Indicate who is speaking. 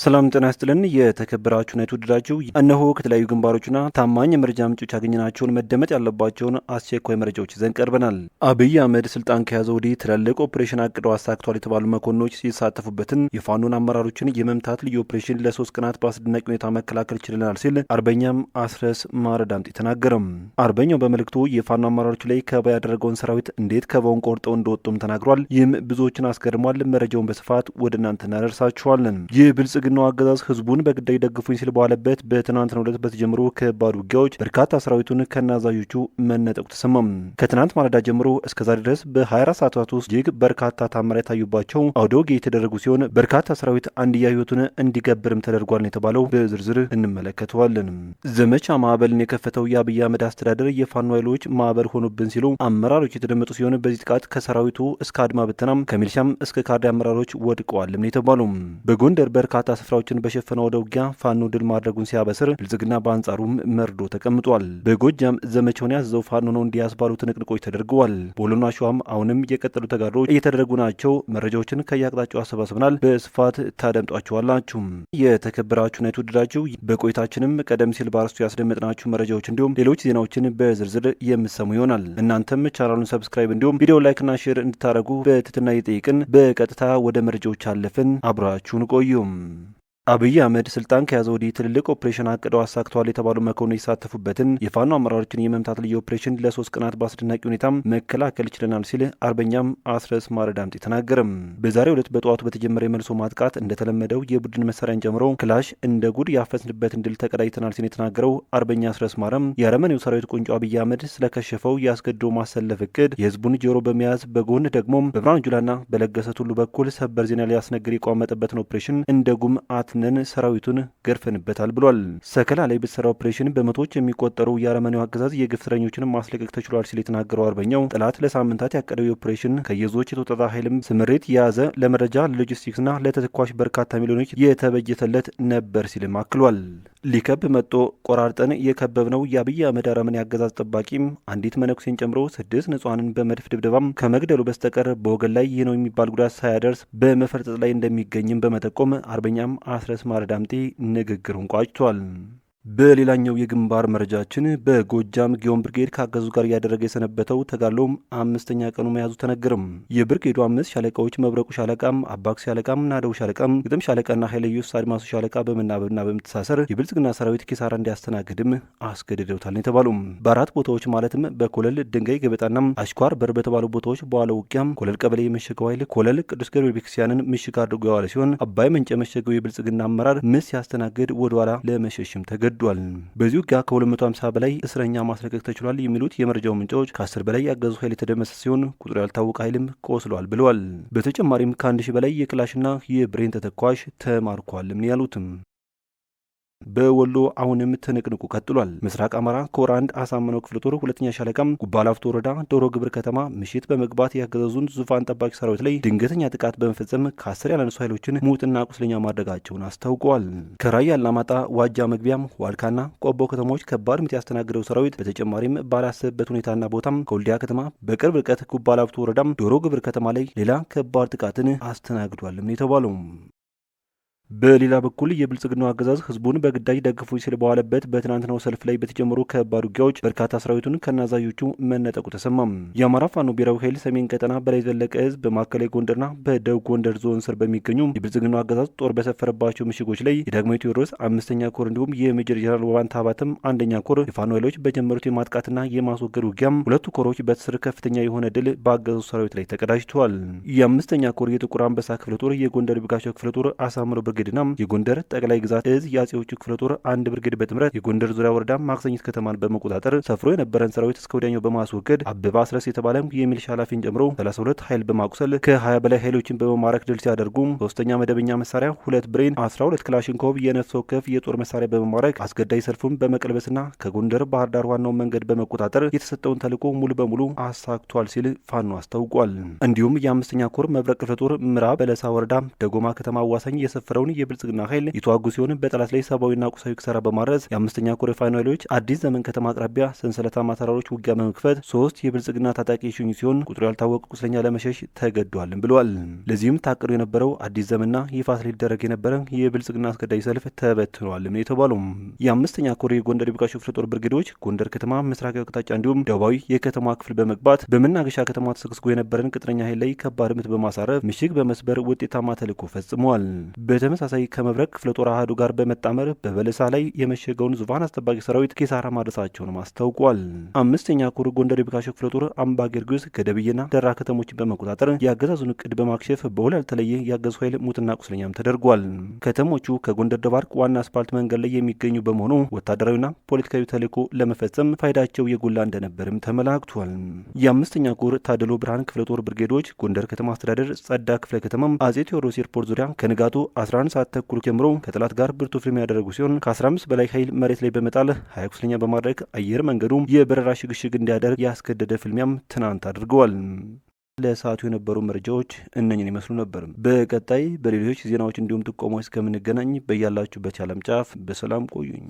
Speaker 1: ሰላም ጤና ይስጥልን። የተከበራችሁና የተወደዳችሁ እነሆ ከተለያዩ ግንባሮችና ታማኝ የመረጃ ምንጮች ያገኘናቸውን መደመጥ ያለባቸውን አስቸኳይ መረጃዎች ይዘን ቀርበናል። አብይ አህመድ ስልጣን ከያዘ ወዲህ ትላልቅ ኦፕሬሽን አቅደው አሳክቷል የተባሉ መኮንኖች ሲሳተፉበትን የፋኖን አመራሮችን የመምታት ልዩ ኦፕሬሽን ለሶስት ቀናት በአስደናቂ ሁኔታ መከላከል ችለናል ሲል አርበኛም አስረስ ማረዳምጤ ተናገረም። አርበኛው በመልእክቱ የፋኖ አመራሮች ላይ ከበባ ያደረገውን ሰራዊት እንዴት ከበባውን ቆርጠው እንደወጡም ተናግሯል። ይህም ብዙዎችን አስገድሟል። መረጃውን በስፋት ወደ እናንተ እናደርሳችኋለን። ይህ ብልጽ የብልጽግናው አገዛዝ ህዝቡን በግዳይ ደግፉኝ ሲል በዋለበት በትናንትናው ዕለት በተጀመሩ ከባድ ውጊያዎች በርካታ ሰራዊቱን ከናዛዦቹ መነጠቁ ተሰማም። ከትናንት ማለዳ ጀምሮ እስከዛሬ ድረስ በ24 ሰዓታት ውስጥ እጅግ በርካታ ታመራ የታዩባቸው አውደ ውጊያ የተደረጉ ሲሆን በርካታ ሰራዊት አንድያ ህይወቱን እንዲገብርም ተደርጓል ነው የተባለው። በዝርዝር እንመለከተዋለን። ዘመቻ ማዕበልን የከፈተው የአብይ አህመድ አስተዳደር የፋኖ ኃይሎች ማዕበል ሆኑብን ሲሉ አመራሮች የተደመጡ ሲሆን በዚህ ጥቃት ከሰራዊቱ እስከ አድማ ብተናም ከሚልሻም እስከ ካርዲ አመራሮች ወድቀዋልም ነው የተባሉ። በጎንደር በርካታ ስፍራዎችን በሸፈነ ወደ ውጊያ ፋኖ ድል ማድረጉን ሲያበስር፣ ብልጽግና በአንጻሩም መርዶ ተቀምጧል። በጎጃም ዘመቻውን ያዘው ፋኖ ነው እንዲያስባሉ ትንቅንቆች ተደርገዋል። በወሎና ሸዋም አሁንም የቀጠሉ ተጋድሎች እየተደረጉ ናቸው። መረጃዎችን ከየአቅጣጫው አሰባስበናል። በስፋት ታደምጧቸዋላችሁ። የተከበራችሁና የተወደዳችሁ በቆይታችንም ቀደም ሲል በአርስቱ ያስደመጥናችሁ መረጃዎች እንዲሁም ሌሎች ዜናዎችን በዝርዝር የምሰሙ ይሆናል። እናንተም ቻናሉን ሰብስክራይብ እንዲሁም ቪዲዮ ላይክና ሼር እንድታደረጉ በትትና የጠይቅን በቀጥታ ወደ መረጃዎች አለፍን። አብራችሁን ቆዩም። አብይ አህመድ ስልጣን ከያዘ ወዲህ ትልልቅ ኦፕሬሽን አቅደው አሳክተዋል የተባሉ መኮንኖች የተሳተፉበትን የፋኖ አመራሮችን የመምታት ልዩ ኦፕሬሽን ለሶስት ቀናት በአስደናቂ ሁኔታ መከላከል ችለናል ሲል አርበኛም አስረስ ማረዳምጤ ተናገርም። በዛሬ ዕለት በጠዋቱ በተጀመረ የመልሶ ማጥቃት እንደተለመደው የቡድን መሳሪያን ጨምሮ ክላሽ እንደ ጉድ ያፈስንበትን ድል ተቀዳጅተናል ሲል የተናገረው አርበኛ አስረስ ማረም የአረመኔው ሰራዊት ቁንጮ አብይ አህመድ ስለከሸፈው የአስገድዶ ማሰለፍ እቅድ የህዝቡን ጆሮ በመያዝ በጎን ደግሞ በብርሃኑ ጁላና በለገሰ ቱሉ በኩል ሰበር ዜና ሊያስነግር የቋመጠበትን ኦፕሬሽን እንደ ጉም አት አፍነን ሰራዊቱን ገርፈንበታል ብሏል። ሰከላ ላይ በተሰራ ኦፕሬሽን በመቶዎች የሚቆጠሩ የአረመኔው አገዛዝ የግፍ እስረኞችን ማስለቀቅ ተችሏል ሲል የተናገረው አርበኛው ጠላት ለሳምንታት ያቀደው የኦፕሬሽን ከየዞች የተወጣጣ ኃይልም ስምሬት የያዘ ለመረጃ ለሎጂስቲክስና ለተተኳሽ በርካታ ሚሊዮኖች የተበጀተለት ነበር ሲልም አክሏል። ሊከብ መጦ ቆራርጠን የከበብነው የአብይ አህመድ አረመኔ አገዛዝ ጠባቂም አንዲት መነኩሴን ጨምሮ ስድስት ንጹሐንን በመድፍ ድብደባም ከመግደሉ በስተቀር በወገን ላይ ይህ ነው የሚባል ጉዳት ሳያደርስ በመፈርጠጥ ላይ እንደሚገኝም በመጠቆም አርበኛም አስረስ ማረዳምጤ ንግግሩን ቋጭቷል። በሌላኛው የግንባር መረጃችን በጎጃም ጊዮን ብርጌድ ከአገዙ ጋር እያደረገ የሰነበተው ተጋድሎም አምስተኛ ቀኑ መያዙ ተነገርም። የብርጌዱ አምስት ሻለቃዎች መብረቁ ሻለቃም፣ አባክስ ሻለቃም፣ ናደው ሻለቃም፣ ግጥም ሻለቃና ኃይለየሱስ አድማሱ ሻለቃ በመናበብና በመተሳሰር የብልጽግና ሰራዊት ኪሳራ እንዲያስተናግድም አስገድደውታል የተባሉ። በአራት ቦታዎች ማለትም በኮለል ድንጋይ ገበጣና አሽኳር በር በተባሉ ቦታዎች በዋለው ውጊያም ኮለል ቀበሌ የመሸገው ኃይል ኮለል ቅዱስ ገብርኤል ቤተክርስቲያንን ምሽግ አድርጎ የዋለ ሲሆን አባይ ምንጭ የመሸገው የብልጽግና አመራር ምስ ሲያስተናግድ ወደኋላ ለመሸሽም ተገዱ ተገዷል። በዚሁ ውጊያ ከ250 በላይ እስረኛ ማስለቀቅ ተችሏል የሚሉት የመረጃው ምንጫዎች ከ10 በላይ ያገዙ ኃይል የተደመሰ ሲሆን ቁጥሩ ያልታወቀ ኃይልም ቆስሏል ብለዋል። በተጨማሪም ከ1000 በላይ የክላሽና የብሬን ተተኳሽ ተማርኳልም ያሉትም። በወሎ አሁንም ትንቅንቁ ቀጥሏል። ምስራቅ አማራ ኮር አንድ አሳምነው ክፍለ ጦር ሁለተኛ ሻለቃም ጉባላፍቶ ወረዳ ዶሮ ግብር ከተማ ምሽት በመግባት ያገዘዙን ዙፋን ጠባቂ ሰራዊት ላይ ድንገተኛ ጥቃት በመፈጸም ከአስር ያላነሱ ኃይሎችን ሙትና ቁስለኛ ማድረጋቸውን አስታውቀዋል። ከራያ አላማጣ፣ ዋጃ መግቢያም፣ ዋልካና ቆቦ ከተሞች ከባድ ምት ያስተናግደው ሰራዊት በተጨማሪም ባላሰበበት ሁኔታና ቦታም ከወልዲያ ከተማ በቅርብ ርቀት ጉባላፍቶ ወረዳም ዶሮ ግብር ከተማ ላይ ሌላ ከባድ ጥቃትን አስተናግዷልም የተባለው በሌላ በኩል የብልጽግናው አገዛዝ ህዝቡን በግዳጅ ደግፎ ሲል በዋለበት በትናንትናው ሰልፍ ላይ በተጀመሩ ከባድ ውጊያዎች በርካታ ሰራዊቱን ከናዛዦቹ መነጠቁ ተሰማም። የአማራ ፋኖ ብሔራዊ ኃይል ሰሜን ቀጠና በላይ ዘለቀ ህዝብ በማዕከላዊ ጎንደርና በደቡብ ጎንደር ዞን ስር በሚገኙ የብልጽግናው አገዛዝ ጦር በሰፈረባቸው ምሽጎች ላይ የዳግማዊ ቴዎድሮስ አምስተኛ ኮር እንዲሁም የሜጀር ጀነራል ዋንት አባተም አንደኛ ኮር የፋኖ ኃይሎች በጀመሩት የማጥቃትና የማስወገድ ውጊያም ሁለቱ ኮሮች በትስር ከፍተኛ የሆነ ድል በአገዛዙ ሰራዊት ላይ ተቀዳጅተዋል። የአምስተኛ ኮር የጥቁር አንበሳ ክፍለ ጦር፣ የጎንደር ብጋቸው ክፍለ ጦር አሳምሮ ብርጌድና የጎንደር ጠቅላይ ግዛት እዝ የአጼዎቹ ክፍለ ጦር አንድ ብርጌድ በጥምረት የጎንደር ዙሪያ ወረዳ ማክሰኝት ከተማን በመቆጣጠር ሰፍሮ የነበረን ሰራዊት እስከ ወዲያኛው በማስወገድ አበባ አስረስ የተባለ የሚሊሻ ኃላፊን ጨምሮ 32 ኃይል በማቁሰል ከ20 በላይ ኃይሎችን በመማረክ ድል ሲያደርጉ ሶስተኛ መደበኛ መሳሪያ ሁለት ብሬን 12 ክላሽንኮቭ የነፍስ ወከፍ የጦር መሳሪያ በመማረክ አስገዳይ ሰልፉን በመቀልበስና ከጎንደር ባህር ዳር ዋናው መንገድ በመቆጣጠር የተሰጠውን ተልዕኮ ሙሉ በሙሉ አሳክቷል ሲል ፋኖ አስታውቋል። እንዲሁም የአምስተኛ ኮር መብረቅ ክፍለ ጦር ምዕራብ በለሳ ወረዳ ደጎማ ከተማ አዋሳኝ የሰፈረው የነበረውን የብልጽግና ኃይል የተዋጉ ሲሆን በጠላት ላይ ሰብአዊና ቁሳዊ ክሰራ በማድረስ የአምስተኛ ኮር ፋይናሎች አዲስ ዘመን ከተማ አቅራቢያ ሰንሰለታማ ተራሮች ውጊያ በመክፈት ሶስት የብልጽግና ታጣቂ ሽኝ ሲሆን ቁጥሩ ያልታወቀ ቁስለኛ ለመሸሽ ተገዷልም ብሏል። ለዚህም ታቅዶ የነበረው አዲስ ዘመንና ይፋት ሊደረግ የነበረ የብልጽግና አስገዳጅ ሰልፍ ተበትኗልም ነው የአምስተኛ ኮር የጎንደር የብቃሽ ክፍለ ጦር ብርጌዶች ጎንደር ከተማ ምስራቅ አቅጣጫ እንዲሁም ደቡባዊ የከተማ ክፍል በመግባት በመናገሻ ከተማ ተሰግስጎ የነበረን ቅጥረኛ ኃይል ላይ ከባድ ምት በማሳረፍ ምሽግ በመስበር ውጤታማ ተልዕኮ ፈጽመዋል። በተመሳሳይ ከመብረቅ ክፍለ ጦር አህዱ ጋር በመጣመር በበለሳ ላይ የመሸገውን ዙፋን አስጠባቂ ሰራዊት ኪሳራ ማድረሳቸውንም አስታውቋል። አምስተኛ ኮር ጎንደር የብካሸ ክፍለ ጦር አምባ ጊዮርጊስ፣ ገደብዬና ደራ ከተሞችን በመቆጣጠር የአገዛዙን እቅድ በማክሸፍ በሁል ያልተለየ የአገዙ ኃይል ሙትና ቁስለኛም ተደርጓል። ከተሞቹ ከጎንደር ደባርቅ ዋና አስፓልት መንገድ ላይ የሚገኙ በመሆኑ ወታደራዊና ፖለቲካዊ ተልዕኮ ለመፈጸም ፋይዳቸው የጎላ እንደነበርም ተመላክቷል። የአምስተኛ ኮር ታድሎ ብርሃን ክፍለ ጦር ብርጌዶች ጎንደር ከተማ አስተዳደር ጸዳ ክፍለ ከተማም አጼ ቴዎድሮስ ኤርፖርት ዙሪያ ከንጋቱ 11 11 ሰዓት ተኩል ጀምሮ ከጠላት ጋር ብርቱ ፍልሚያ ያደረጉ ሲሆን ከ15 በላይ ኃይል መሬት ላይ በመጣል ሀያ ቁስለኛ በማድረግ አየር መንገዱ የበረራ ሽግሽግ እንዲያደርግ ያስገደደ ፍልሚያም ትናንት አድርገዋል። ለሰዓቱ የነበሩ መረጃዎች እነኝን ይመስሉ ነበር። በቀጣይ በሌሎች ዜናዎች እንዲሁም ጥቆማዎች እስከምንገናኝ በያላችሁበት የዓለም ጫፍ በሰላም ቆዩኝ።